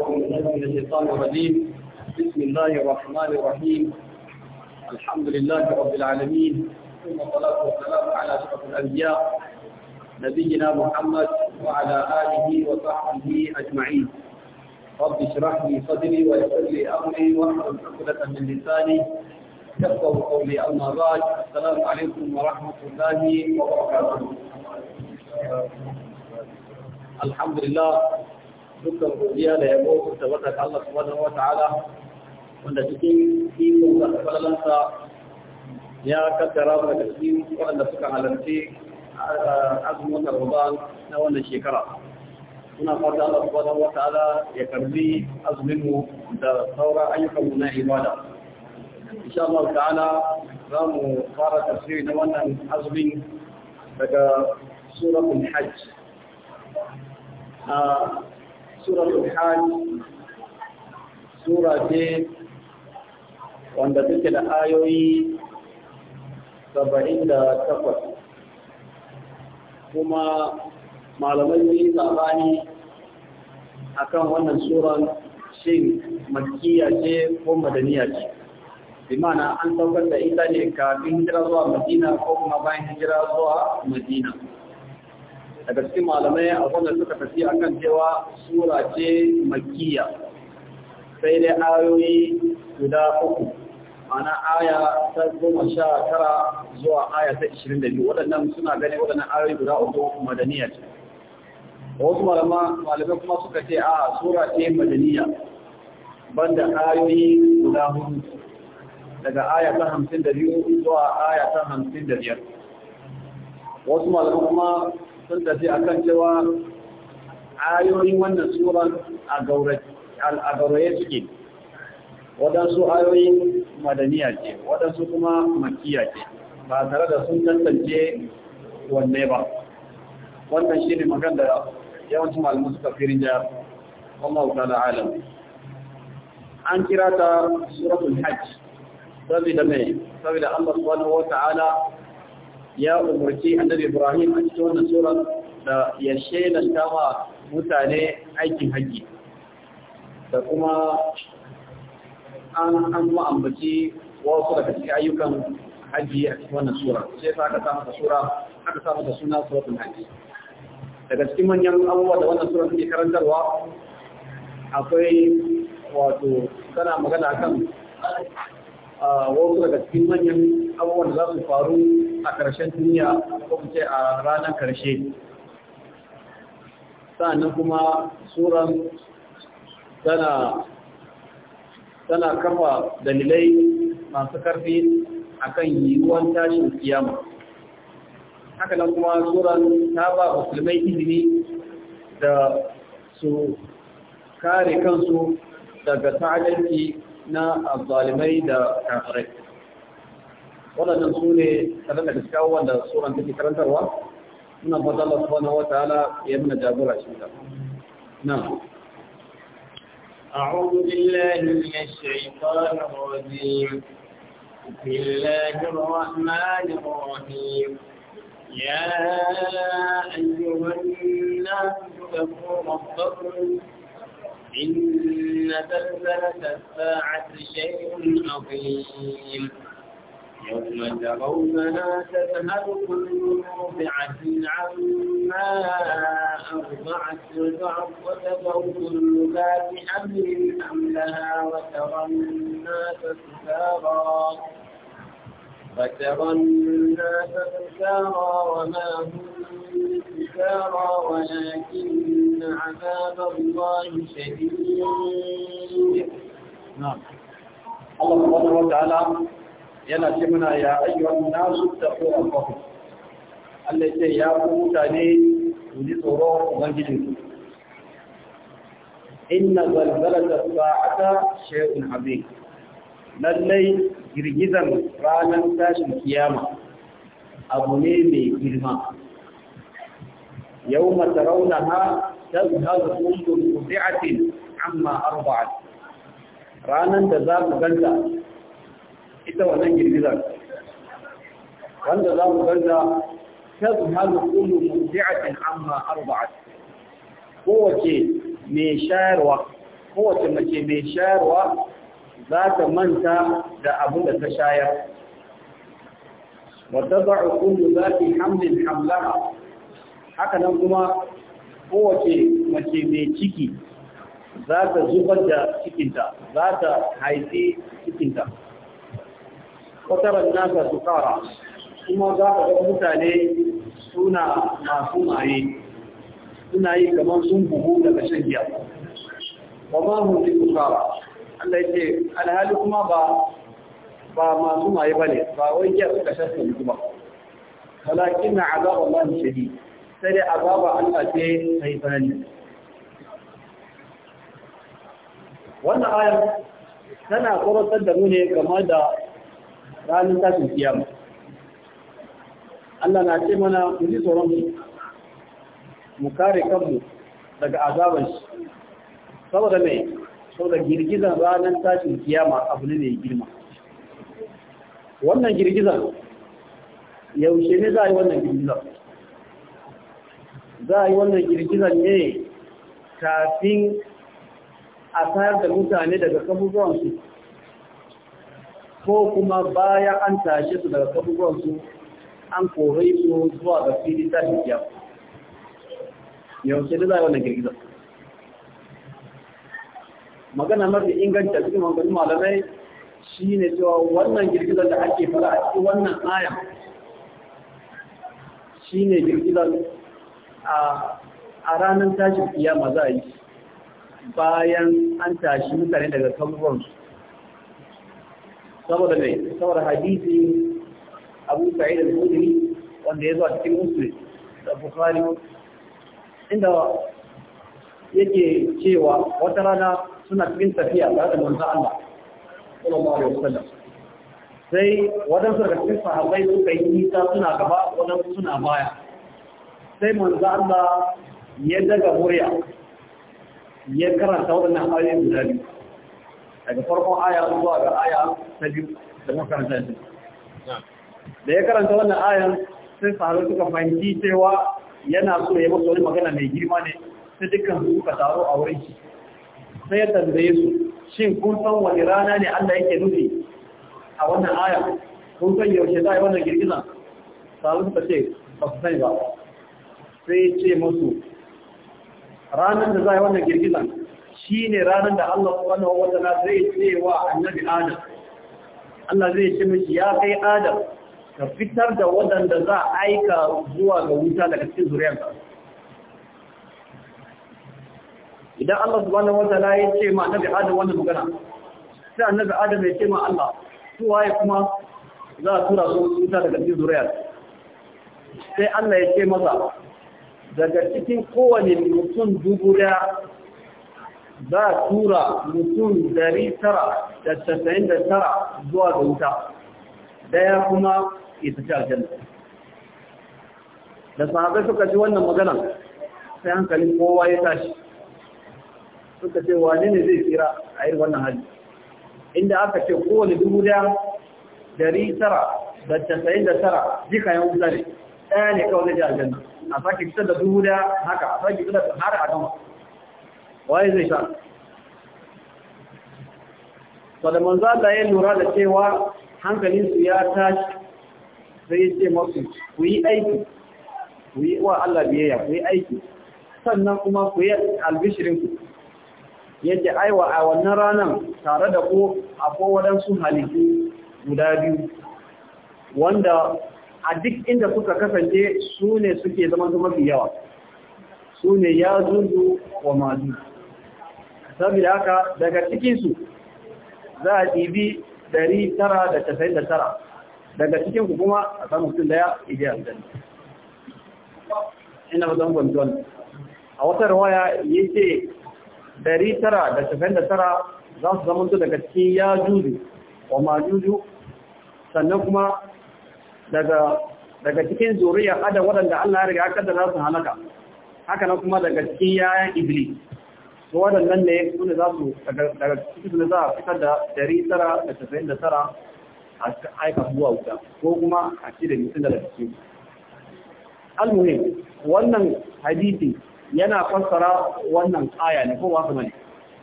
من الشيطان الرجيم بسم الله الرحمن الرحيم الحمد لله رب العالمين ثم الصلاة والسلام على أشرف الأنبياء نبينا محمد وعلى آله وصحبه أجمعين رب اشرح لي صدري ويسر لي أمري واحفظ عقدة من لساني يفقه قولي أما بعد السلام عليكم ورحمة الله وبركاته الحمد لله dukkan godiya da yabo da wata Allah subhanahu wa ta'ala wanda cikin ikon da falalansa ya kaddara da cikin wanda suka halarci azumin Ramadan na wannan shekara muna fata Allah subhanahu wa ta'ala ya karbi azumin mu da saura ayyukan mu na ibada insha Allah ta'ala za mu fara tafsiri na wannan azumin daga suratul hajj suratul hajj sura ce wanda take da ayoyi saba'in da takwas kuma malamai sun yi sabani akan wannan suran shin makkiya ce ko madaniya ce bimana an saukar da ita ne kafin hijira zuwa madina ko kuma bayan hijira zuwa madina daga cikin malamai a wanda suka tafi kan cewa sura ce makkiya sai dai ayoyi guda uku ana aya ta goma sha tara zuwa aya ta ishirin da biyu waɗannan suna gani waɗannan ayoyi guda uku madaniya ce wasu malamai kuma suka ce a sura ce madaniya banda ayoyi guda hudu daga aya ta hamsin da biyu zuwa aya ta hamsin da biyar wasu malamai kuma sun a kan cewa ayoyin wannan tsoron a gauraye suke waɗansu ayoyin madaniya ce waɗansu kuma makiya ce ba tare da sun tantance wanne ba wannan shi ne magan da yawancin malamu suka firin kuma wuta da alam an kira ta suratul hajj saboda mai saboda Allah subhanahu wa ta'ala ya umarci annabi Ibrahim a cikin wannan sura da ya shelanta ma mutane aikin haji. da kuma an an ambaci wasu daga cikin ayyukan haji a cikin wannan sura sai sa aka samu sura aka samu da suna suratul haji daga cikin manyan abubuwa da wannan sura take karantarwa akwai wato tana magana kan A wasu daga cikin manyan abubuwan da za su faru a ƙarshen duniya ko ce a ranar ƙarshe sa'annan kuma suran tana tana kafa dalilai masu karfi akan yiwuwan tashin kiyama haka nan kuma suran ta ba musulmai izini da su kare kansu daga ta'adalci نا الظالمي دا کافر ولا نقول سبب الاسكاو ولا صورة التي كانت تروى من فضل الله سبحانه وتعالى يمن جابر عشيدا نعم أعوذ بالله من الشيطان الرجيم بسم الله الرحمن الرحيم يا أيها الناس اتقوا ربكم إن زلزلة الساعة شيء عظيم يوم ترونها تذهل كل مرضعة عما أرضعت وترضع وتضع كل ذات أمر حملها وترى الناس سكارى وترى الناس سكارى وما هم الكفار ولكن عذاب الله شديد نعم الله سبحانه وتعالى ينسمنا يا أيها الناس اتقوا الله. الذي يابو تاني تجد روح مجد إن زلزلة الساعة شيء عظيم لدي جرجزا رانا تاشم كياما أبو نيمي كلمة يوم ترونها تذهب كل مرضعة عما أرضعت رانا تذهب غزة ita wannan girgizar wanda za mu gaza ta zuhalu kullu murdi'atin amma arba'at kowace mai shayarwa kowace mace mai shayarwa za ta manta da abu da ta shayar wa tad'u hamlin hamlaha haka nan kuma kowace mace mai ciki za ta zubar da cikinta za ta haifi cikinta wataran nasa su kara kuma za ka ga mutane suna masu maye suna yi kamar sun buhu daga shan giya ba ma hundu su kara Allah ya ce alhali kuma ba ba masu maye ba ne ba wai giya suka shafi kuma walakin na azabar Allah shadid sai dai azaba Allah ce sai tsanani wannan ayar tana korotar da ne game da ranar tashin kiyama Allah na ce mana ku ji tsoron mu mu kare kanmu daga azaban shi saboda mai saboda girgizan ranar tashin kiyama abu ne mai girma wannan girgizan yaushe ne za a yi wannan girgizan za a yi wannan girgizar ne kafin a tayar da mutane daga kabubuwansu ko kuma baya an tashe su daga kabubuwansu an kore su zuwa ga fili ta hikiya yau sai da za a yi wannan girgizar magana mafi inganta cikin maganin malamai shi ne cewa wannan girgizar da ake fara a cikin wannan aya shi ne girgizar a ranar tashin kiyama za a yi bayan an tashi mutane daga kaburbansu saboda mai saboda hadisi abu sa'i da khudri wanda ya zuwa a cikin musulun da bukari inda yake cewa wata rana suna cikin tafiya ba da manzo Allah sallallahu alaihi wasallam sai wadansu daga cikin sahabbai suka yi nisa suna gaba wadansu suna baya sai manzo Allah ya daga murya ya karanta waɗannan ayoyi guda biyu daga farkon aya zuwa ga aya ta biyu da makaranta ne da ya karanta wannan ayan sai sahabai suka fahimci cewa yana so ya masa wani magana mai girma ne sai dukkan su suka taro a wurin shi sai ya tambaye su shin kun san wani rana ne Allah yake nufi a wannan aya kun san yaushe za a yi wannan girgiza? sahabai suka ce ba su sani ba sai ce musu ranar da za a yi wannan girgizan shi ne ranar da Allah subhanahu wa ta'ala zai ce wa annabi Adam Allah zai ce mishi ya kai Adam ka fitar da waɗanda za a aika zuwa ga wuta daga cikin zuriyarsa idan Allah subhanahu wa ta'ala ya ce ma annabi Adam wannan magana sai annabi Adam ya ce ma Allah su waye kuma za a tura su wuta daga cikin zuriyar sai Allah ya ce masa daga cikin kowane mutum dubu da za a tura mutum dari tara da casa'in da tara zuwa da wuta daya kuma ita ce aljanna da sahabai suka ji wannan magana sai hankalin kowa ya tashi suka ce wani ne zai tsira a yi wannan hali inda aka ce kowane dubu da dari tara da casa'in da tara jika yan wuta ne ɗaya ne kawai da aljanna a sake fitar da dubu da haka a sake fitar da har a gama waye zai sha to da manzo Allah ya lura da cewa hankalinsu ya tashi sai ya ce masu ku yi aiki ku yi wa Allah biyayya ku yi aiki sannan kuma ku yi albishirinku yadda aiwa a wannan ranar tare da ku a kowadansu halittu guda biyu wanda a duk inda suka kasance su ne suke zama mafi yawa su ne ya zuzu wa mazu saboda haka daga cikinsu za a ɗibi 999 daga cikin kuma a samun mutum daya ije aljanna ina bazan gwanjon a wata rawaya ya ce 999 za su zama daga cikin ya zuzu wa majuju sannan kuma daga daga cikin zuriya adam waɗanda Allah ya riga ya kaddara su halaka haka nan kuma daga cikin yayan iblis to waɗannan ne sune za su daga cikin su ne za a fitar da ɗari tara da tasa'in da tara a aika zuwa wuta ko kuma a ci da mutum daga cikin almuhim wannan hadisi yana fassara wannan aya ne ko wasu su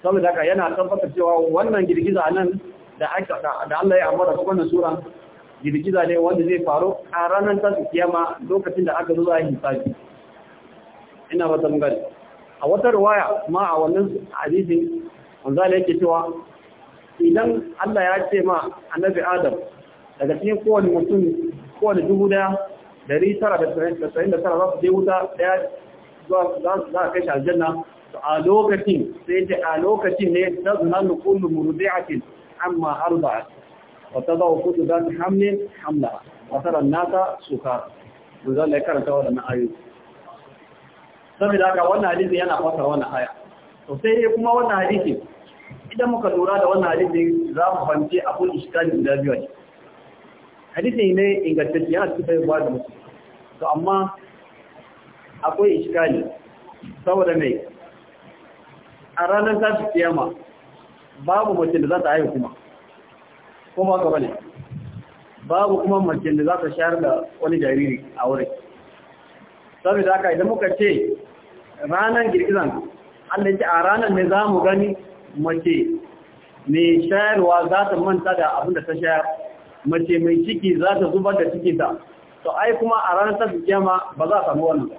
saboda haka yana tabbatar cewa wannan girgiza nan da aka da Allah ya ambata cikin wannan sura girgiza ne wanda zai faru a ranar tasu kiyama lokacin da aka zuwa hisabi ina ba tamgari a wata ruwaya ma a wannan hadisin wanzala yake cewa idan Allah ya ce ma annabi Adam daga cikin kowane mutum kowane dubu daya dari tara da tsayin da tara za su je wuta daya za a kai shi aljanna a lokacin sai ce a lokacin ne ta zunan kullu murdi'atin amma har arba'at وتضع كتبا حمل حملها وترى الناس سكارى manzon da ya karanta waɗannan ayoyi saboda haka wannan hadisi yana fasara wannan haya. to sai dai kuma wannan hadisi idan muka lura da wannan hadisi za mu fahimci abun iskali da biyu ne hadisi ne ingantacce yana cikin sai ba da musu to amma akwai iskali saboda mai a ranar za su kiyama babu mutum da za ta haihu kuma kuma ka bane babu kuma mace da za ta shayar da wani jariri a wurin saboda haka idan muka ce ranar girgizan Allah ya a ranar ne za mu gani mace mai shayarwa za ta manta da abin da ta shayar mace mai ciki za ta zubar da cikinta to ai kuma a ranar ta ma ba za a samu wannan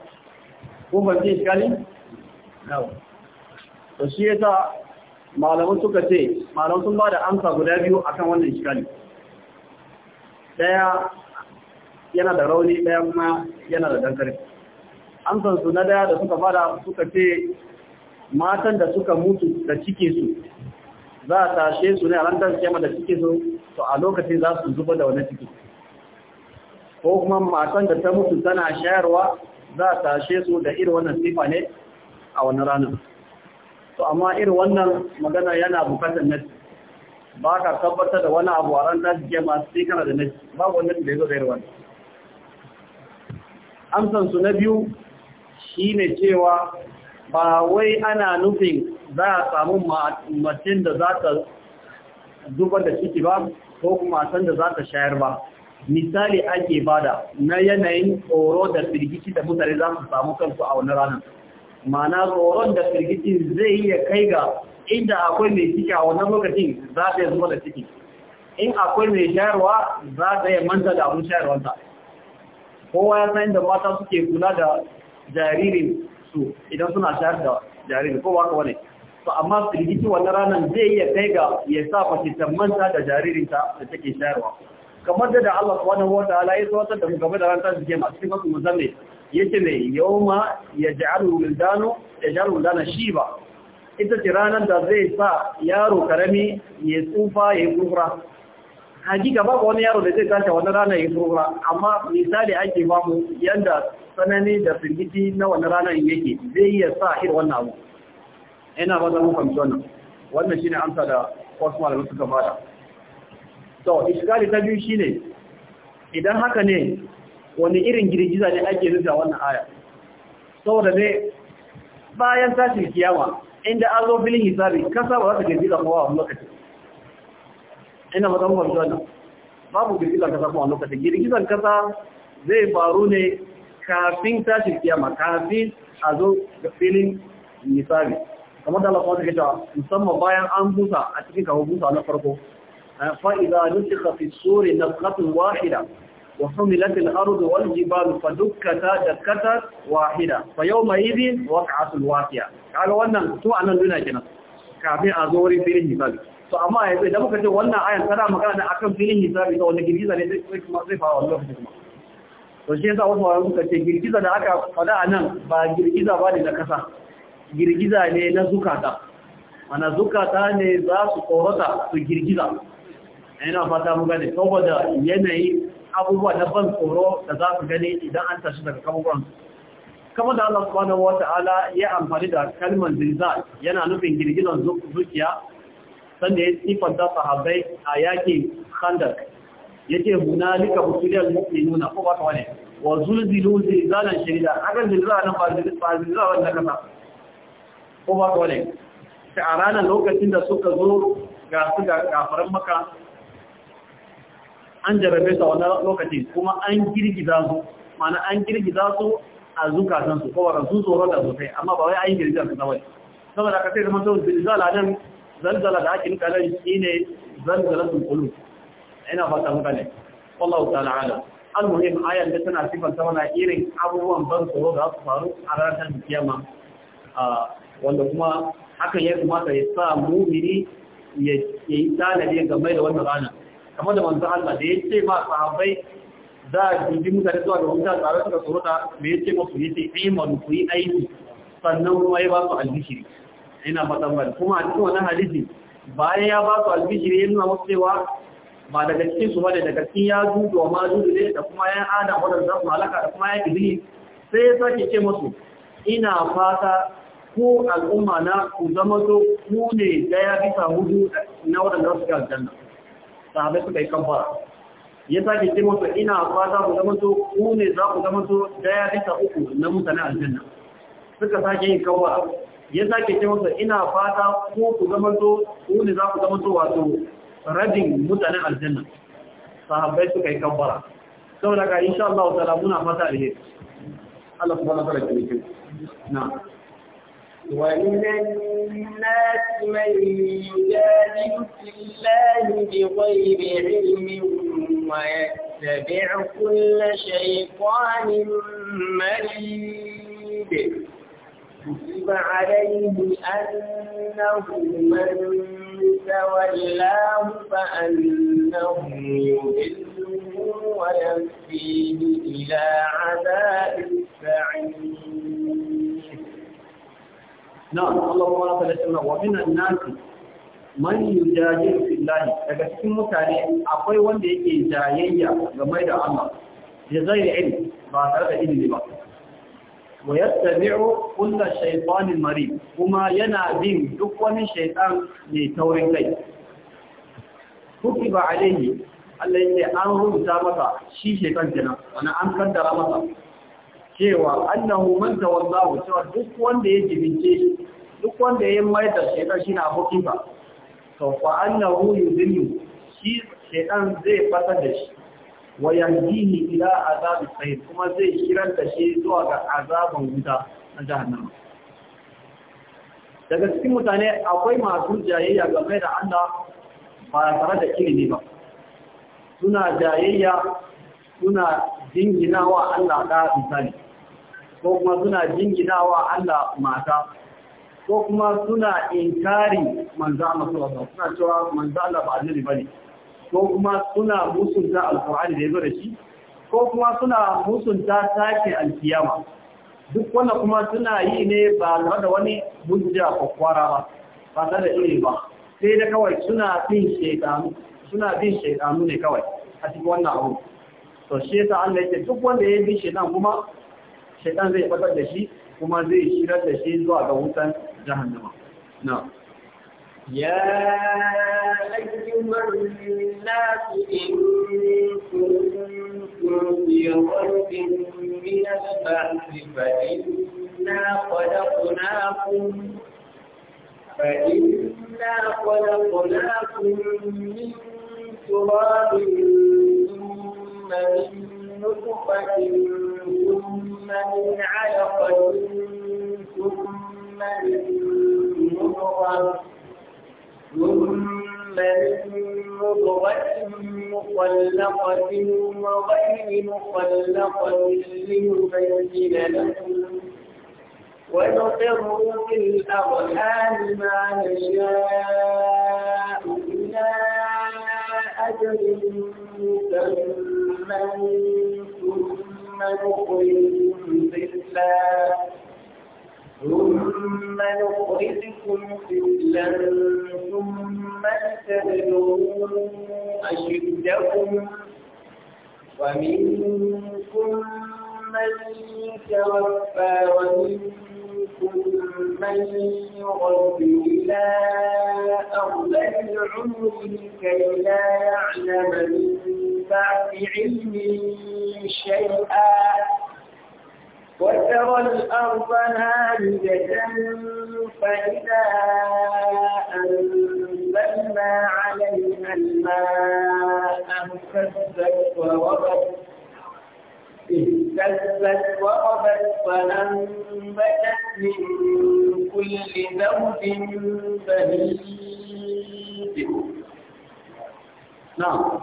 ko ban ce shi kali? to shi yasa malaman suka ce malaman sun ba da amsa guda biyu akan wannan shikali daya yana da rauni daya kuma yana da dankari amsan su na daya da suka fara suka ce matan da suka mutu da cike su za a tashe su ne a rantar kema da cike su to a lokacin za su zuba da wani ciki ko kuma matan da ta mutu tana shayarwa za a tashe su da irin wannan sifa ne a wani ranar to amma irin wannan magana yana bukatar nasi ba ka tabbatar da wani abu a ran tashi kiyama sai kana da nasi ba wannan da ya zo da irin wannan amsan su na biyu shi ne cewa ba wai ana nufin za a samu matin da za ta zubar da ciki ba ko kuma san da za ta shayar ba misali ake bada na yanayin tsoro da firgici da mutane za su samu kansu a wani ranar ma'ana tsoron da firgici zai iya kai ga inda akwai mai ciki a wannan lokacin za ta yi zuwa da ciki in akwai mai shayarwa za ta yi manta da abin shayarwanta kowa ya san da mata suke kula da jaririn su idan suna shayar da jaririn kowa ka wane to amma firgici wannan ranar zai iya kai ga ya sa mace ta manta da jaririnta da take shayarwa kamar da Allah subhanahu wa ta'ala ya tsawatar da mu game da ran tasiri a cikin wasu zame. ya mai yawma ya wildanu yaj'alu shi ba ita ce ranar da zai sa yaro karami ya tsufa ya kurkura hakika ba wani yaro da zai tashi wani ranar ya kurkura amma misali ake bamu yadda tsanani da firgiti na wani ranar yake zai iya sa hir wannan abu ina ba za mu fahimci wannan wannan shine amsa da wasu malamai suka bada to iskali ta biyu shine idan haka ne wani irin girgiza ne ake nufi a wannan aya saboda ne bayan tashin kiyama inda an zo filin hisabi kasa ba za ta girgiza kowa a lokacin ina ba zama fahimta wannan babu girgizan kasa kuma a lokacin girgizan kasa zai faru ne kafin tashin kiyama kafin a zo filin hisabi kamar da Allah ta cewa musamman bayan an busa a cikin kawo busa na farko fa'iza nufi kafin sore na kafin wahida وحملت الأرض والجبال فدكتا دكتا واحدة فيومئذ وقعت الواقعة قالوا wannan to anan duna kenan kafin a zo wurin filin hisabi to amma yanzu da muka ce wannan ayan tana magana akan filin hisabi to wanda girgiza ne zai fara wannan lokaci kuma to shi yasa wasu wani suka ce girgiza da aka faɗa a nan ba girgiza ba ne na kasa girgiza ne na zukata ana zukata ne za su tsorata su girgiza ina fata mu gane saboda yanayi abubuwa na ban tsoro da za su gani idan an tashi daga su. kama da Allah subhanahu ta'ala ya amfani da kalmar zirzal yana nufin girgizan zuciya sanda ya da sahabbai a yakin khandak yake huna musuliyal mu'minuna ko ba ka wane wa zulzilu zilzalan shadida hakan nan ba zilzalan wanda kasa ko ba wane ta a ranar lokacin da suka zo ga su ga kafarin maka an jarabe su a wannan lokacin kuma an girgiza su mana an girgiza su a zukatan su kawai sun tsoron da sosai amma ba wai an yi girgiza su kawai saboda ka sai zama sau zilzala nan zalzala da ake nika nan shi ne zalzala sun kulu ina fata muka ne wallahu ta'ala ala almuhim ayar da tana sifanta mana irin abubuwan ban tsoro da su faru a ranar kiyama wanda kuma hakan ya kamata ya sa mumini ya yi tsanade game da wannan ranar kamar da manzo Allah da ce ma sahabbai za a dubi mutane zuwa ga wuta tare suka tsorota me yace musu yace imanu ku yi aiki sannan kuma ya ba su albishiri ina fatan kuma a cikin wani hadisi bayan ya ba su albishiri ya nuna musu cewa ba daga cikin su bane daga cikin ya zuwa wa ma zuwa ne da kuma ya adam wadanda za su halaka da kuma ya ibili sai ya sake ce musu ina fata ko al'umma na ku zama to ku ne daya bisa hudu na wadanda za su ga aljanna sahabai suka yi kamfara ya sake ce masu ina fata ku zama to ku ne za ku zama to daya bisa uku na mutane aljanna suka sake yin kamfara ya sake ce masu ina fata ku ku zama to ku ne za ku zama to wato rabin mutane aljanna sahabai suka yi kamfara saboda ka insha Allah ta'ala muna fata alheri Allah su wa ta'ala ya kike na من يجادل في الله بغير علم ويتبع كل شيطان مريد كتب عليه أنه من تولاه فأنه يضله ويكفيه إلى عذاب السعير na'am Allahu ta'ala ya wa minan nasi man yujahidu fillahi daga cikin mutane akwai wanda yake jayayya game da Allah da zai ilmi ba tare da ilmi ba wa yattabi'u kullu shaytanin marid kuma yana bin duk wani shaytan ne taurin kai kutiba alayhi Allah yake an rubuta masa shi shaytan kenan ana an kaddara masa cewa annahu man tawallahu cewa duk wanda ya jibince shi duk wanda ya mai da shekar shi na abokin ba to fa annahu yudillu shi shekan zai fata da shi wa yanjihi ila azabi sayyid kuma zai shirar da shi zuwa ga azaban wuta na jahannama daga cikin mutane akwai masu jayayya game da Allah ba tare da ilimi ba suna jayayya suna wa Allah da misali ko kuma suna jinginawa Allah mata ko kuma suna inkari manzo Allah sallallahu suna cewa manzo Allah ba annabi bane ko kuma suna musunta alqur'ani da yazo da shi ko kuma suna musunta sake alkiyama duk wannan kuma suna yi ne ba tare da wani hujja ko kwara ba ba tare da ilimi ba sai da kawai suna bin shaytanu suna bin shaytanu ne kawai a cikin wannan abu to shi yasa Allah yake duk wanda ya bi shaytan kuma shaitan zai fatar da shi kuma zai shirar da shi zuwa ga wutan jihar nama na ya ayyuhar nasu in kun kun ثم من علقة ثم من مضغة ثم مضغة مخلقة وغير مخلقة لنبين لكم ونقر في الأرحام ما نشاء إلى أجل مسمى ثم نخرج ثم نخرجكم فتلا ثم تبلغوا أشدكم ومنكم من يتوفى ومنكم من يرد إلى أرض العمر كي لا يعلم من بعد علم شيئا وترى الأرض هامدة فإذا أنزلنا عليها الماء اهتزت وربت اهتزت وربت فأنبتت من كل زوج بهيج نعم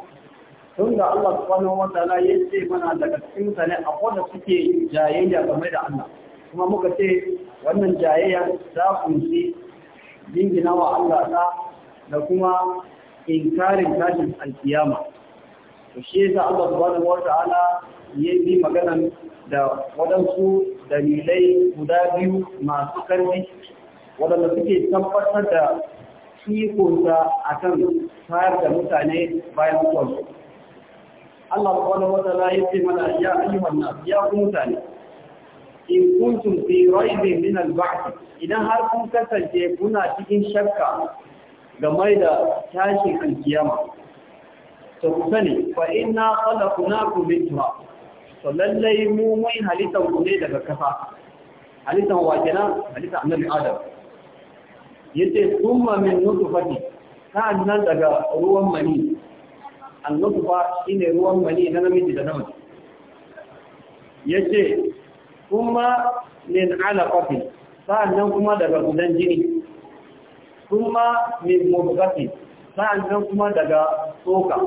don da Allah subhanahu wa ta'ala ya ce mana daga cikin sane a wanda suke jayayya game da Allah kuma muka ce wannan jayayya ta kunshi dingina wa Allah ta da kuma inkarin tashin alkiyama to shi yasa Allah subhanahu wa ta'ala ya yi magana da waɗansu dalilai guda biyu masu karfi waɗanda suke tabbatar da a akan tayar da mutane bayan kwanso Allah subhanahu wa ta'ala ya ce mana ya yi wannan ya ku mutane in kuntun fi raibin min al idan har kun kasance kuna cikin shakka game da tashin alkiyama to ku sani fa ina kala khalaqnakum min turab to lallai mu mai halittar ku ne daga kasa halittar wa kenan halittar annabi adam yace thumma min nutfati nan daga ruwan mani annutufa shine ruwan mani na namiji da namiji yace kuma min ala alaqati sa'annan kuma daga gudan jini kuma min mubghati sa'annan kuma daga tsoka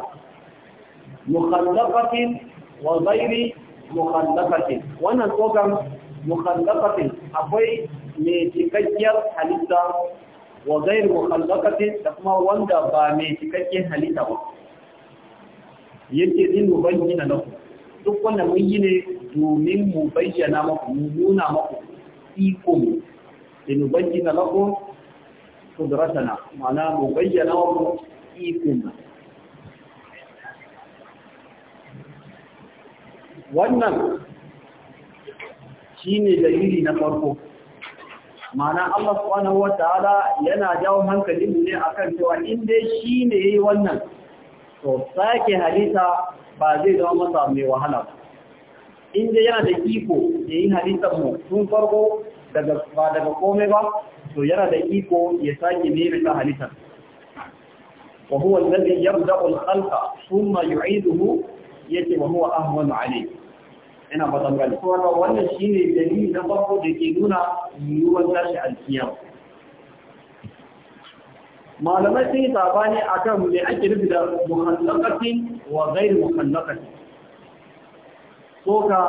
mukhallafatin wa ghairi mukhallafatin wannan tsokan mukhallafatin akwai mai cikakkiyar halitta wa ghairi mukhallafatin da kuma wanda ba mai cikakkiyar halitta ba yake din mu bayyana lakum duk wannan mun yi ne domin mu bayyana maku mu nuna maku iko mu din mu bayyana lakum kudratana ma'ana mu bayyana maku iko mu wannan shine dalili na farko ma'ana Allah subhanahu ta'ala yana jawo hankalin ne akan cewa in dai shine yayi wannan to sake halitta ba zai zama masa mai wahala inda yana da iko ya yi hadisa mu tun farko ba daga komai ba to yana da iko ya sake nemi ta hadisa wa huwa alladhi yabda'u al-khalqa thumma yu'iduhu yace wa huwa ahwanu alayhi ina ba gani to wannan shine dalili na farko da ke nuna yiwuwar tashi alkiyama malamai sun yi sabani kan me ake nufi da muhallaqati wa ghairu muhallaqati soka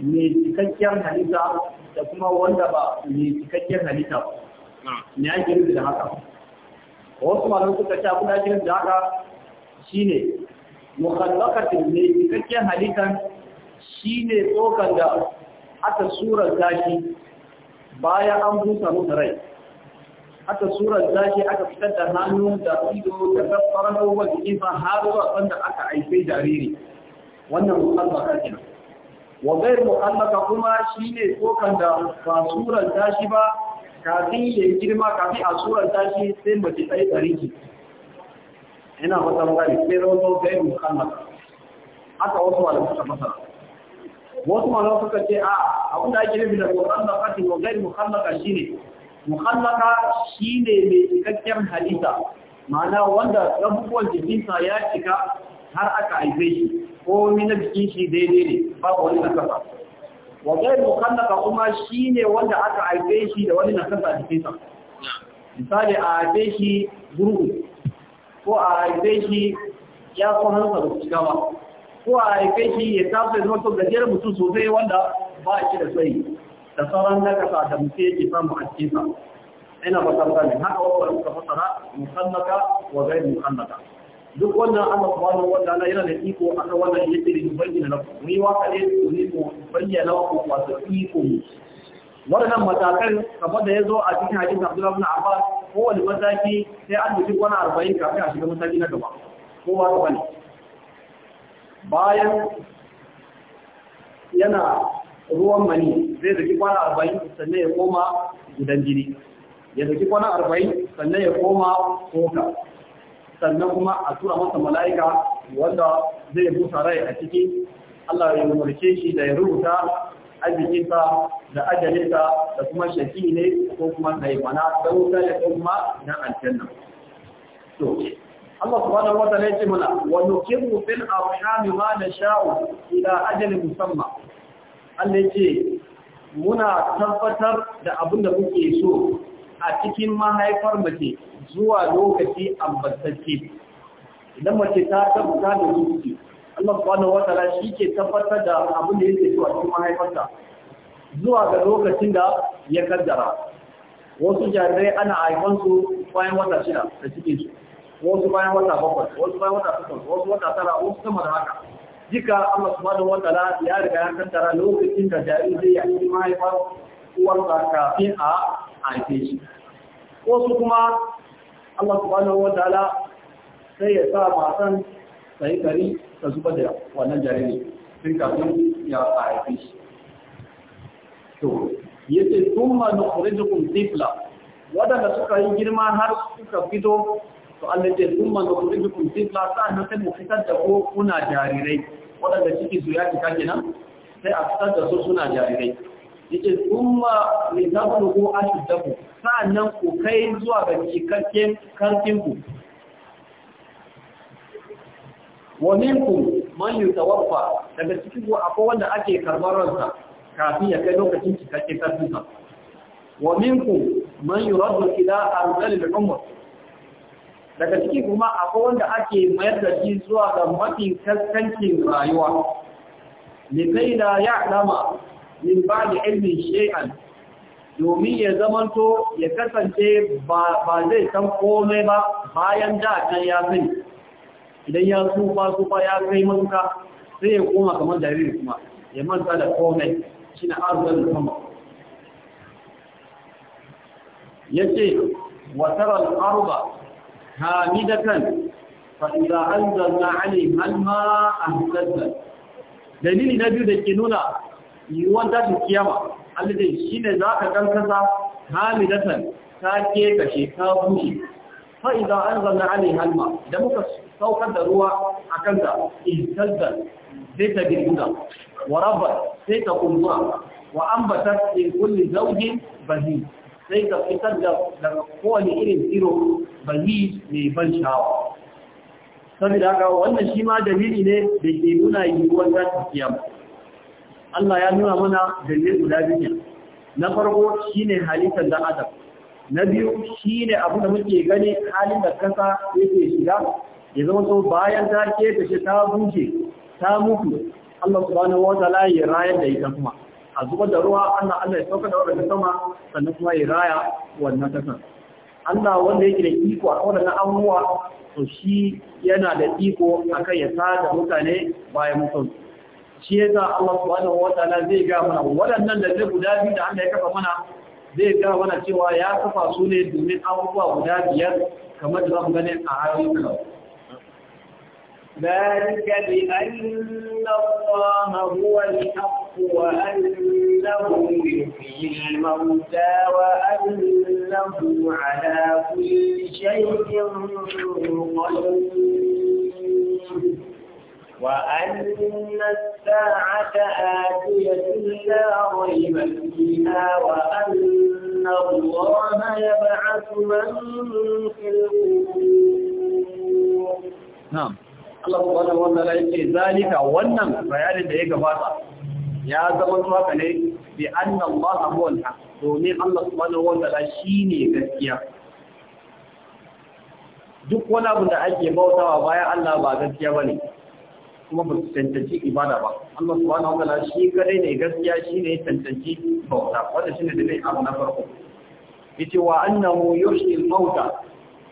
mai cikakken halitta da kuma wanda ba mai cikakken halitta ba me ake nufi da haka wasu malamai suka ce abin da ake nufi da haka shine muhallaqatin mai cikakken halittan shine tsokan da aka surar gashi bayan an busa masa rai aka suranta shi aka fitar da hannu da ido da tsaffaran abubuwan jikinsa har zuwa sanda aka haife jariri wannan mu'allaka ne. wa ghair mu'allaka kuma shine tsokan da ba suranta shi ba kafin ya girma kafin a suranta shi sai mace tsaye tsariki ina wata magani sai rawato ghair mu'allaka haka wasu malamai suka fasara wasu malamai suka ce a abin da ake nufi da mu'allaka wa ghair mu'allaka shine muhallaka ne mai cikakken halitta ma'ana wanda abubuwan jikinsa ya cika har aka aife shi ko na jikin shi daidai ne babu wani nakasa wa ghayr muhallaka kuma shi ne wanda aka aife shi da wani nakasa a jikinsa misali a aife shi gurgu ko a aife shi ya kwanansa da cika ba ko a aife shi ya tafi zama to gajeren mutum sosai wanda ba shi da tsayi da sauran nakasa da mutum yake samu a cikin ina fasarta ne haka wanda suka fasara musallaka wa gai musallaka duk wannan Allah subhanahu wa ta'ala yana da iko a akan wannan yake da bayyana na mu yi waka ne su ne mu bayyana ku wato iko mu wannan matakan kamar da ya zo a cikin hadisin Abdullah ibn Abbas kowane mataki sai an dubi wani arba'in kafin a shiga mataki na gaba ko ba ta bane bayan yana ruwan mani zai zaki kwana arba'in sannan ya koma gudan jini ya zaki kwana arba'in sannan ya koma koka sannan kuma a tura masa mala'ika wanda zai busa rai a ciki Allah ya umarce shi da ya rubuta arzikinsa da ajalinsa da kuma shaki ne ko kuma sai mana wuta da kuma na aljanna to Allah subhanahu wa ta'ala ya ce mana wa nukiru fil arham ma nasha'u ila ajalin musamma Allah ya ce muna tabbatar da abin da kuke so a cikin mahaifar mace zuwa lokaci ambatacce idan mace ta tabbata da zuci Allah subhanahu wataala shi ke tabbatar da abin da yake so a cikin mahaifarta zuwa ga lokacin da ya kaddara wasu jarirai ana haifansu bayan wata shida da cikinsu wasu bayan wata bakwai wasu bayan wata takwas wasu wata tara wasu sama da haka jika Allah subhanahu wa ta'ala ya riga ya kaddara lokacin da jariri ya yi mahaifar uwarsa kafin a haife shi wasu kuma Allah subhanahu wa ta'ala sai ya sa matan sai gari ta zuba da wannan jariri sun kafin ya haife shi to yace thumma nukhrijukum tifla wadanda suka yi girma har suka fito to Allah ce sun da kudin dukkan sai ba sa na sai mu fitar da ko kuna jarirai waɗanda ciki su ya fita kenan sai a fitar da su suna jarirai yace kuma ne da ku ko an da ku sannan ku kai zuwa ga cikakken karfin ku wa minkum man yutawaffa daga cikin ku akwai wanda ake karɓar ransa kafin ya kai lokacin cikakken karfin sa wa minkum man yuraddu ila arzalil umr daga ciki kuma akwai wanda ake mayar da shi zuwa ga mafi kaskancin rayuwa likai da ya alama min ba da ilmin shay'an domin ya zamanto ya kasance ba zai san komai ba bayan da ta ya zai idan ya tsufa tsufa ya kai matuka sai ya koma kamar jariri kuma ya manta da komai shi na arzikin kuma. ya ce wasarar arba hamidatan fa idza anzalna alayhi alma ahtadat dalili na biyu da ke nuna yiwuwar tashin kiyama Allah dai shine zaka kan kasa hamidatan ta ke kashe ta bushe fa idza anzalna alayhi alma da muka saukar da ruwa akan ta ihtadat sai ta girgiza wa rabbat sai ta kumbura wa ambatat in kulli zawjin bahim sai ka fitar da kowane irin tsiro bali mai ban sha'awa saboda haka wannan shi ma dalili ne da ke nuna yiwuwar za ta Allah ya nuna mana dalilin guda biyu na farko shine halittar dan adam na biyu shi ne abu da muke gani halin da kasa yake shiga ya zama so bayan ta ke ta ta buce ta mutu Allah subhanahu wa ta'ala ya rayar da ita kuma a zuba da ruwa Allah Allah ya sauka da wadanda sama sannan kuma ya raya wannan kasar Allah wanda yake da iko a na amuwa to shi yana da iko akan ya da mutane bayan mutum shi yasa Allah subhanahu wataala zai ga mana wadannan da zai guda biyu da Allah ya kafa mana zai ga mana cewa ya kafa su ne domin abubuwa guda biyar kamar da zamu gani a ayoyin ذلك بأن الله هو الحق وأنه يحيي الموتى وأنه على كل شيء قدير وأن الساعة آتية لا ريب فيها وأن الله يبعث من في القبور نعم Allah subhanahu wa ta'ala yake zalika wannan bayanin da ya gabata ya zama haka ne bi anna Allah huwa al-haq domin Allah subhanahu wa ta'ala shine gaskiya duk wani abu da ake bautawa bayan Allah ba gaskiya bane kuma ba su tantance ibada ba Allah subhanahu wa ta'ala shi kadai ne gaskiya shine ya tantance bauta wanda shine da dai abu na farko yace wa annahu yuhyi al-mauta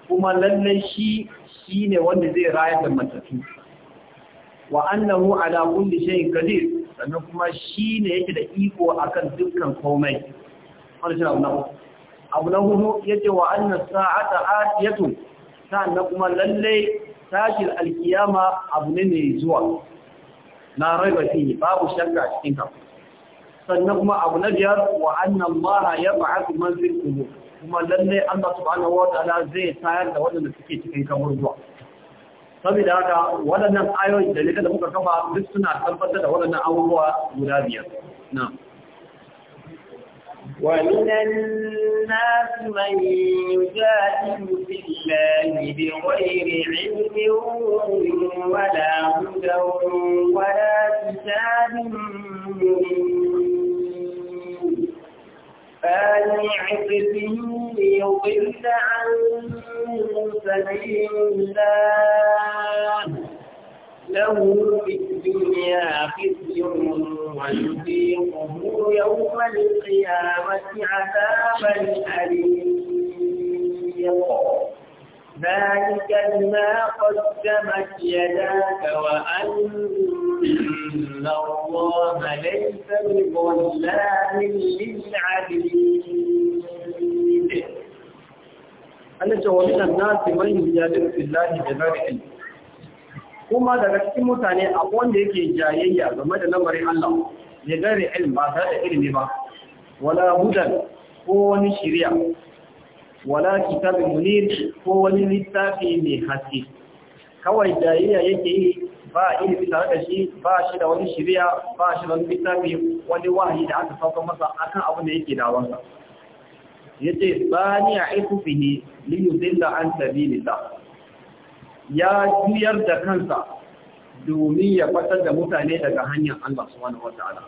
kuma lallai shi shi ne wanda zai rayar da matattu wa annahu ala kulli shay'in qadir sannan kuma shi ne yake da iko akan dukkan komai wannan shi abu abu na hudu yace wa anna sa'ata atiyatu sannan kuma lalle tashin alkiyama abu ne ne zuwa na raiba fihi babu shakka cikin ka sannan kuma abu na biyar wa anna allaha yab'athu man fil qubur kuma lalle Allah subhanahu wataala zai tayar da waɗanda suke cikin kaburbuwa saboda haka waɗannan ayoyi da da muka kafa duk suna tabbatar da waɗannan abubuwa guda biyar na'am ومن الناس من يجادل في الله بغير علم ولا هدى ولا كتاب من آلع قسم يضل عن سبيل الله له في الدنيا خزي ونذيقه يوم القيامة عذاب أليم ذلك بما قدمت يداك وأن الله ليس بظلام للعبيد أنا جوابين الناس من يجادل في الله بغير kuma daga cikin mutane a wanda yake jayayya game da lamarin Allah ya gare ilm ba tare da ilimi ba wala hudan ko wani shiriya wala kitabin munir ko wani littafi mai haske kawai jayayya yake yi ba ilimi tare da shi ba shi da wani shirya ba shi da wani littafi wani wahayi da aka sauka masa akan abin da yake dawansa yace bani a iku fihi li yudilla an sabilillah ya juyar da kansa domin ya fatar da mutane daga hanyar Allah subhanahu wataala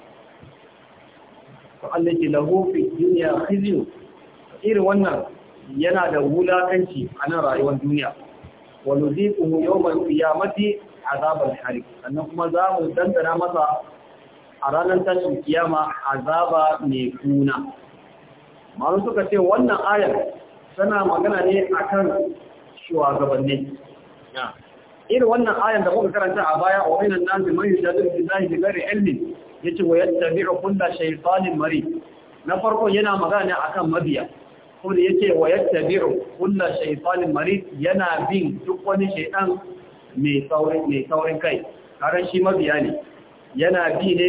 to Allah ke lahu fi dunya khizyu irin wannan yana da wulakanci a nan rayuwar duniya wa nuziquhu yawmal qiyamati azabal hariq sannan kuma za mu dandana masa a ranar tashin kiyama azaba mai kuna malu suka ce wannan ayar tana magana ne a kan shugabanni irin wannan ayar da muka karanta a baya a wa minan nasi man yujadilu billahi bighairi ya yace wa yattabi'u kulla shaytanin mari na farko yana magana ne a kan mabiya su ya yake wa biyu kullu shaytanin marit yana bin duk wani shaytan mai saurin kai karan shi mabiya ne yana bi ne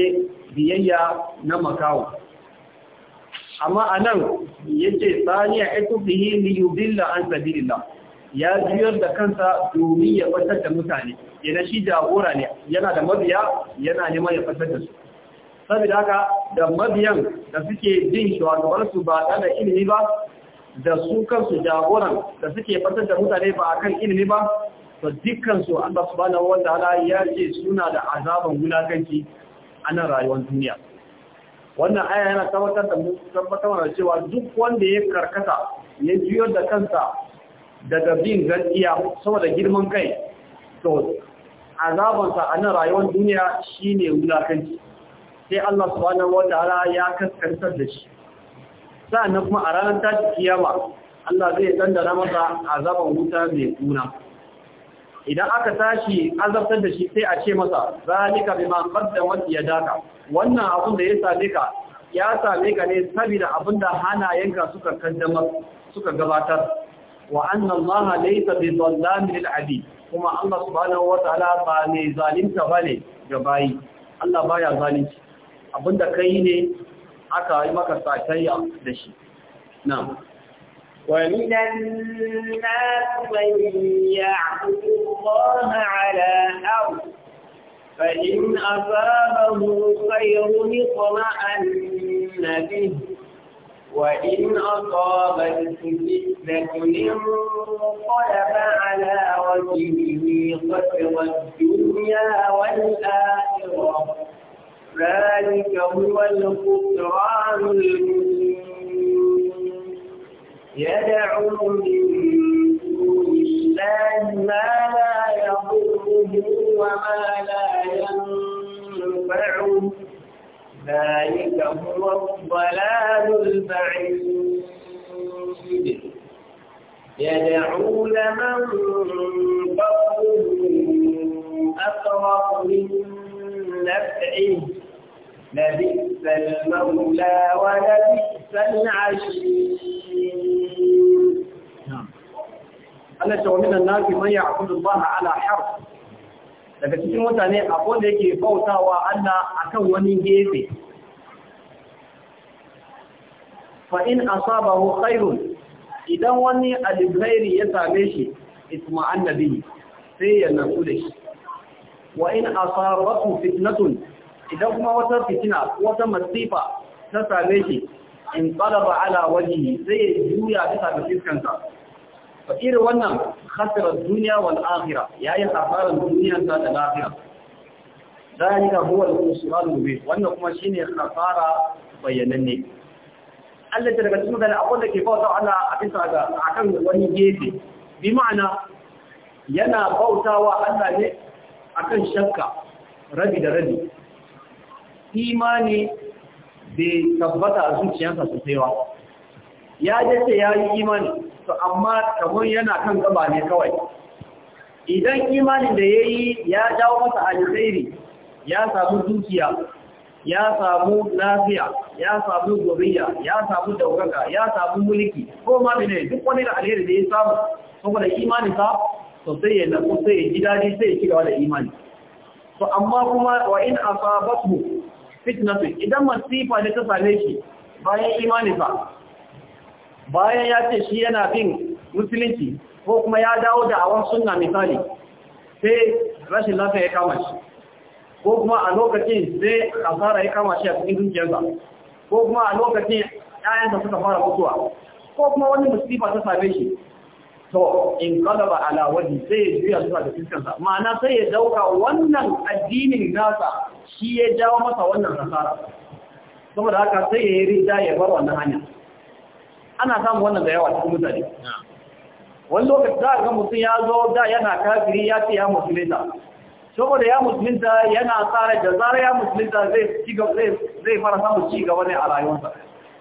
biyayya na makawo amma anan yace saniya itubihi li yudilla an sabilillah ya juyar da kansa domin ya fasar da mutane yana shi jagora ne yana da mabiya yana neman ya fasar da su Sabida haka da mabiyan da suke bin shugabansu ba tare ilimi ba da su kansu jagoran da suke fatar da mutane ba akan ilimi ba to dukkansu Allah subhanahu ala ya ce suna da azaban gulaganci a nan rayuwar duniya wannan aya yana tabbatar da tabbatar da cewa duk wanda ya karkata ya juyo da kansa daga bin gaskiya saboda girman kai to azabansa a nan rayuwar duniya shine gulaganci sai Allah subhanahu ala ya kaskantar da shi sa'annan kuma a ranar tashi kiyama Allah zai dandana masa azaban wuta mai tuna idan aka tashi azabtar da shi sai a ce masa zalika bima qaddamat yadaka wannan abin da ya same ka ya same ka ne saboda abin da hanayenka suka kaddamar suka gabatar wa anna Allah laysa bi zallamin lil abid kuma Allah subhanahu wataala ba ne zalimta bane ga bayi Allah baya zalunci abinda kai ne aka yi maka sakayya da shi na ومن الناس من يعبد الله على أرض فإن أصابه خير اطمأن به وإن أصابته فتنة انقلب على وجهه خسر الدنيا والآخرة ذلك هو الخسران المبين يدعو من دون الله ما لا يضره وما لا ينفعه ذلك هو الضلال البعيد يدعو لمن فضله أقرب من نفعه لبئس المولى ولبئس العشير نعم Allah ta wani nan nafi man ya'budu Allah ala harf daga cikin mutane akwai da yake bautawa Allah akan wani gefe fa in asabahu khairun idan wani alkhairi ya same shi isma annabi sai ya nasu da shi wa in asabatu fitnatun idan kuma wata fitina wata masifa ta same shi in qalaba ala wajhi zai juya bisa ga fiskansa fa irin wannan khasara dunya wal akhirah yayi hasaran duniyar ta da lafiya dalika huwa al-khusran mubin wannan kuma shine khasara bayananne Allah ta daga cikin da abin da ke bauta Allah a bisa ga akan wani gefe bi ma'ana yana bautawa Allah ne akan shakka rabi da rabi imani bai tabbata a zuciyarsa sosai saiwa ya ce ya yi imani to amma kamar yana kan gaba ne kawai idan imanin da ya yi ya jawo masa alkhairi ya samu dukiya ya samu lafiya ya samu gobiya ya samu daukaka ya samu mulki ko ma ne duk wani da alheri da ya samu saboda imanin sa to sai ya na sai ya ji sai ya ci gaba da imani to amma kuma wa in asabatu fitnatu idan masifa da ta same shi bayan imani fa bayan ya ce shi yana bin musulunci ko kuma ya dawo da awon sunna misali sai rashin lafiya ya kama shi ko kuma a lokacin sai kasara ya kama shi a cikin dukiyarsa ko kuma a lokacin ƴaƴansa suka fara mutuwa ko kuma wani musulunci ta same shi to in kalaba ala waji sai ya juya zuwa da fiskan sa ma'ana sai ya dauka wannan addinin nasa shi ya jawo masa wannan kasara saboda haka sai ya yi rida ya bar wannan hanya ana samu wannan da yawa cikin mutane wani lokaci za a ga mutum ya zo da yana kafiri ya ce ya musulunta saboda ya musulunta yana tsara da zara ya musulunta zai fara samun ci gaba ne a rayuwarsa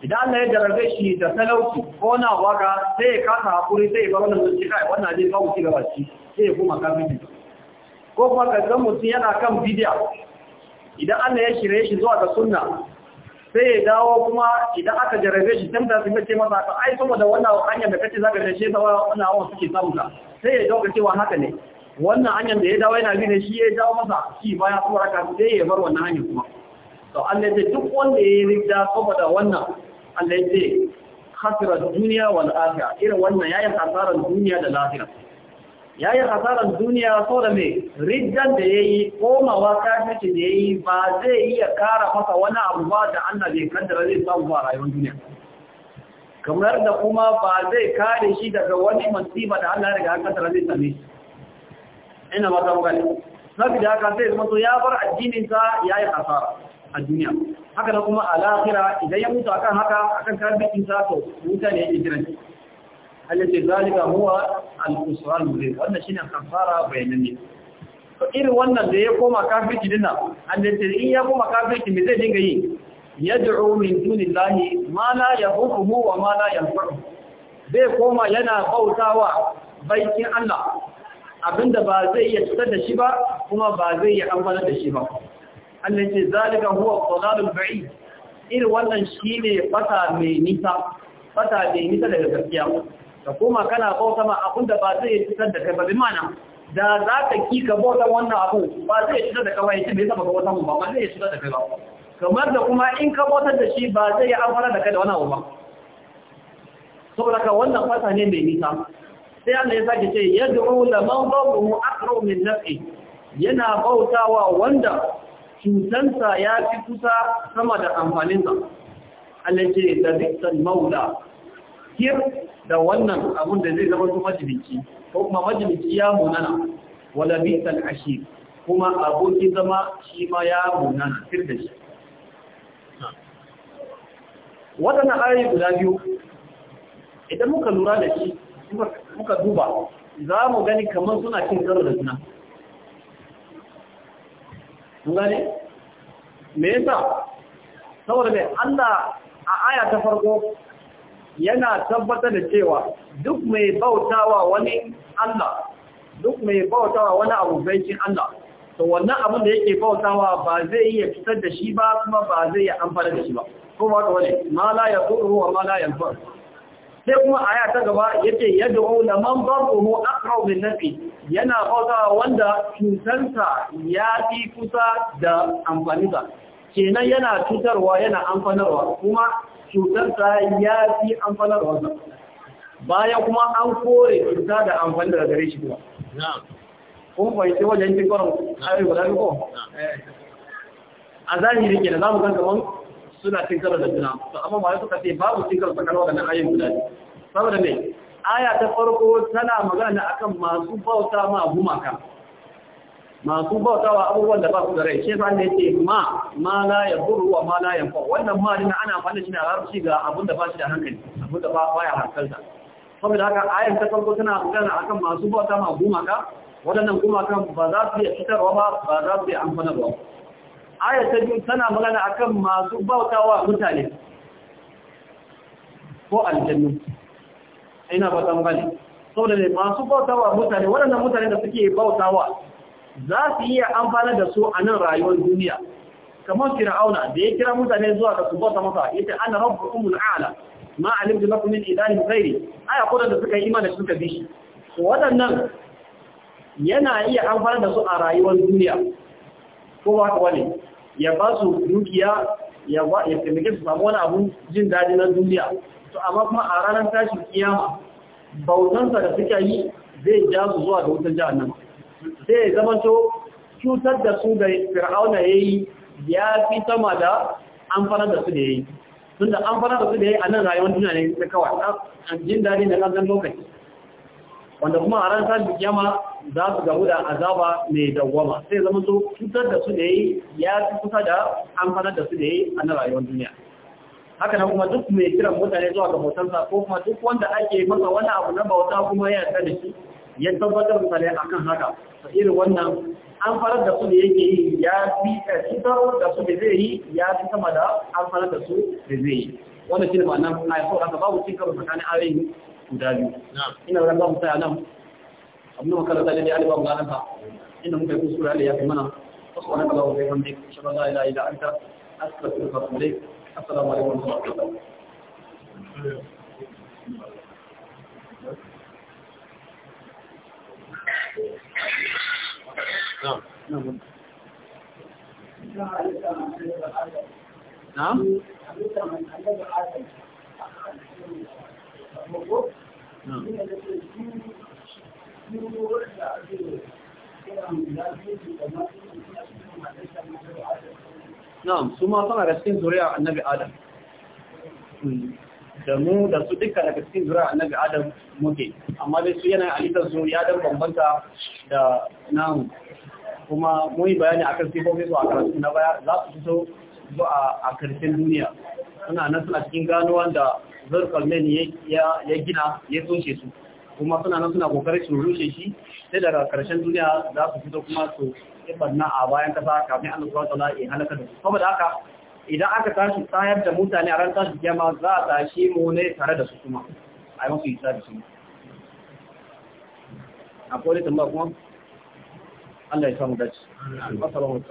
idan Allah ya jarabe shi da talauci ko na waka sai ya kasa hakuri sai ya bar wannan zuci kai wannan zai kawo ci gaba ci sai ya koma kafin ko kuma kaga mutum yana kan bidiya idan Allah ya shirye shi zuwa ga sunna sai ya dawo kuma idan aka jarabe shi da su ce masa ka ai saboda wannan hanyar da kace zaka dace ta wannan hawa suke samu ka sai ya dauka cewa haka ne wannan hanyar da ya dawo yana bi ne shi ya dawo masa shi baya kuma raka sai ya bar wannan hanyar kuma to Allah ya duk wanda ya yi rida saboda wannan Allah ya ce khasirar duniya wal akhirah irin wannan yayin hasaran duniya da lahira yayin hasaran duniya so da me riddan da yayi komawa kafirci da yayi ba zai iya kara masa wani abu ba da Allah bai kaddara zai samu ba rayuwar duniya kamar da kuma ba zai kare shi daga wani masifa da Allah daga kaddara zai same shi ina ba ta mugani sabida haka sai zama ya bar addinin sa yayi hasara a duniya haka da kuma a lafira idan ya mutu akan haka akan karbikin sa to wuta ne shi jiran zalika huwa al al mudin wannan shine kafara bayanan ne to irin wannan da ya koma kafirci dinna halace in ya koma kafirci me zai dinga yi yad'u min dunillahi ma la yahuhu wa ma la yanfa'u zai koma yana bautawa baikin Allah abinda ba zai iya da shi ba kuma ba zai iya amfana da shi ba Allah ce zalika huwa dhalalul ba'id irin wannan shine fata mai nisa fata me nisa daga gaskiya ka koma kana bauta ma abin da ba zai fitar da kai ba bi mana da za ka ki ka bauta wannan abu ba zai fitar da kai ba yace bai zama bauta mun ba ba zai fitar da kai ba kamar da kuma in ka bautar da shi ba zai yi amfana da kai da wannan abu ba saboda ka wannan fata ne mai nisa sai Allah ya sake ce yad'u man dawu aqrabu min nafsi yana bautawa wanda cutansa ya fi kusa sama da amfaninsa Allah ce da dukkan maula kir da wannan abun da zai zama majibinci ko kuma majibinci ya munana wala bitan ashir kuma abokin zama shi ma ya munana kir da shi waɗannan ayoyi guda biyu idan muka lura da shi muka duba za mu gani kamar suna cin karo da suna. gane me yasa saboda mai Allah a aya ta farko yana tabbatar da cewa duk mai bautawa wani Allah duk mai bautawa wani abu baikin Allah to wannan abin da yake bautawa ba zai iya fitar da shi ba kuma ba zai iya amfana da shi ba kuma wani ma la yadurru wa ma la yanfa'u sai kuma aya ta gaba yace yad'u laman darbuhu aqrabu min nafi yana bauta wanda cutarsa ya fi kusa da amfaninsa kenan yana cutarwa yana amfanarwa kuma cutarsa ya fi amfanarwa bayan kuma an kore cuta da amfani da gare shi kuma kun fahimci wajen cikin arewa da ko a zahiri ke za mu kan kaman suna cin karo da juna to amma ma suka ce babu cin tsakanin waɗannan ayoyin guda saboda me aya ta farko tana magana akan masu bauta ma gumaka masu bautawa abubuwan da ba su da rai shi yasa ne ce ma ma la buru wa ma la fa wannan ma din ana fada shi na larabci ga abin da ba shi da hankali abin da ba baya hankalta saboda haka ayan ta farko tana magana akan masu bauta ma gumaka waɗannan gumakan ba za su iya fitarwa ba ba za su iya amfanarwa aya ta biyu tana magana akan masu bautawa mutane ko aljannu ina ba san bane saboda ne masu bautawa mutane waɗannan mutane da suke bautawa za su iya amfana da su a nan rayuwar duniya kamar fir'auna da ya kira mutane zuwa ga su bauta masa yace ana umul a'la ma alimtu lakum min Idanin ghairi aya kodan da suka yi imani suka bi shi waɗannan yana iya amfana da su a rayuwar duniya ko ba wani ya ba su dukiya ya ba ya taimake su samu wani abun jin daɗi na duniya to amma kuma a ranar tashin kiyama bautansa da suka yi zai ja su zuwa ga wutar jahannama sai ya zama to cutar da su da fir'auna ya yi ya fi sama da amfanar da su da ya yi tun da amfanar da su da ya yi a nan rayuwar duniya ne ta kawai an jin daɗi na ɗan lokaci wanda kuma a ranar bikiyama za su gamu da azaba mai dawwama sai zama so cutar da su da yi ya fi kusa da amfanar da su da yi a na rayuwar duniya haka na kuma duk mai kiran mutane zuwa ga bautansa ko kuma duk wanda ake masa wani abu na bauta kuma ya yarda da shi ya tabbatar a kan haka a irin wannan an farar da su da yake yi ya fi cutar da su da zai yi ya fi sama da an farar da su da zai yi wannan shi ne ma'anar na yaso aka babu cikin tsakanin ayoyin guda biyu ina ran ba mu nan abin da makaranta ne ya ba mu ranar ba muka yi ya fi mana wasu wani kalawa bai hamdi shabba la ilaha illa anta astaghfiruka wa atubu ilayk assalamu alaikum wa na'am su ma suna da cikin zuriya annabi adam da mu da su duka daga cikin zuriya annabi adam muke amma dai su yanayin alitar su ya dan bambanta da namu kuma mun yi bayani akan sifofin su a karatu na baya za su fito zuwa a karshen duniya suna nan suna cikin gano wanda. zurkarmen ya gina ya toshe su kuma suna nan suna kokarin su rushe shi sai daga karshen duniya za su fito kuma su ibanna a bayan kasa kafin Allah zuwa wa ya halakar da su saboda haka idan aka tashi tsayar da mutane a ran tashi kiyama za a tashi mu ne tare da su kuma a yi musu isa da su akwai wani tambaya kuma Allah ya samu dace. Assalamu